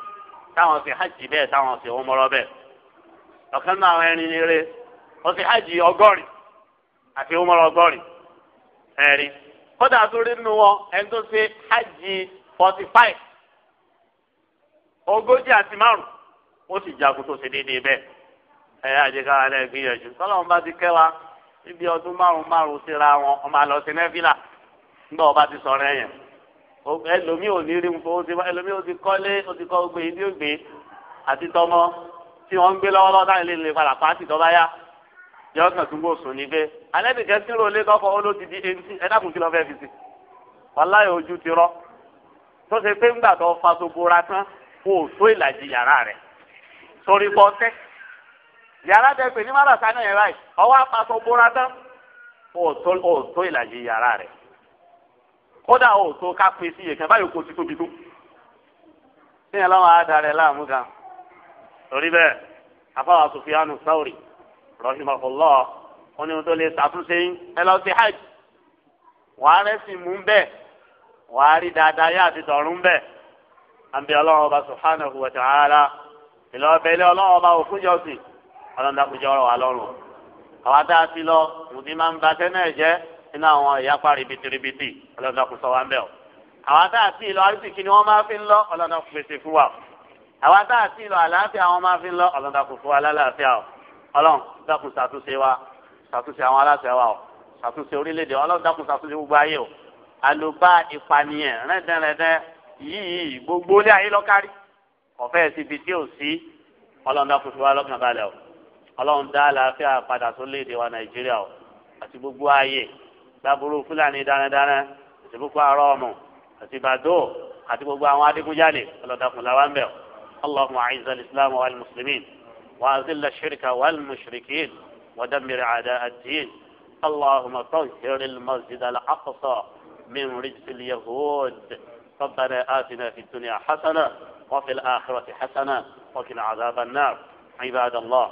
táwọn sì hajj bẹ́ẹ̀ táwọn sì umrah bẹ́ẹ̀ ọ̀kan náà àwọn ẹni rere wọ́n sì hajj ọgọ́rin àti umrah ọgọ́rin ẹ̀rí kódà tó rí nínú wọn ẹni tó ṣe hajj forty five ogójì àti márùn ó sì jagun tó ṣe déédéé bẹ́ẹ̀ ẹ̀ àjẹká alẹ́ gbìyànjú tọ́lọ́mù bá ti kẹ́ wa níbi ọdún márùn márùn síra wọn ọmọ àlọ́ sí nẹ́fìlà nígbà wọn bá ti sọ̀rọ̀ ẹ̀yẹn ẹlòmíì ò ní rí nǹkan ó ti wá ẹlòmíì ó ti kọ́lé ó ti kọ́ gbé ibi ògbé àti tọmọ tí wọ́n ń gbé lọ́wọ́lọ́wọ́ táwọn ilé ìlú padà pàtì tọ́ bá yá yọ ọkàn tó ń bò sùn ní pé alẹ́bìkẹ́ tí rò lé kọ́kọ́ ó ló ti di etí ẹ dákun kí lọ́ fẹ́ fi si wàláyé ojú ti rọ́ tó ṣe pé ńgbà tó fa tó bora tán kó o tó ìlàjì yàrá rẹ̀ sórí pọ́ńtẹ́ yàrá tẹ pè ní márùn-ún sáná yẹn báyìí ọwọ́ apasọ̀ bora kódà ó tó ká pé sí yèkàn báyìí kò ti tóbi tó sínú ẹlọ́wọ́n adarẹ̀ láàmú kan torí bẹ́ẹ̀ afáwà Sufyanu Sauri rahimahullah wọn ni wọn tó lè ṣàtúnṣe yín ẹ lọ sí hajj wàá rẹ́sìn mú bẹ́ẹ̀ wàá rí dáadáa yá àti tọ̀rún bẹ́ẹ̀ àbí ọlọ́run ọba subhanahu wa ta'ala ìlọ́ọ̀bẹ ilé ọlọ́run ọba òkúnjọ nínú àwọn ìyapa ribitibiti ọlọ́dún kò sọ wá ń bẹ̀ o àwọn tá a ti lọ arísìkí ni wọ́n máa fi ń lọ ọlọ́dún kò pèsè fún wa àwọn tá a ti lọ àlàáfíà wọn máa fi ń lọ ọlọ́dún kò fún wa lálàáfíà o ọlọ́run dákun ṣàtúnṣe wa ṣàtúnṣe àwọn aláṣẹ wa o ṣàtúnṣe orílẹ̀-èdè ọlọ́run dákun ṣàtúnṣe gbogbo ayé o àlùbá ìpànìyàn rẹ́dẹ̀rẹ́dẹ́ yìí gbogbo ilé ayé dá àlàáfíà padà sórílẹ̀-èdè wa nàìjíríà o àti gbogbo ayé láburú fúlàní dáradára àti boko haram àti bàdó àti gbogbo àwọn adigunjalè ọlọ́dàkùn làwọn bẹ̀ اللهم أعز الإسلام والمسلمين وأذل الشرك والمشركين ودمر أعداء الدين اللهم طهر المسجد الأقصى من رجس اليهود ربنا آتنا في الدنيا حسنة وفي الآخرة حسنة وقنا عذاب النار عباد الله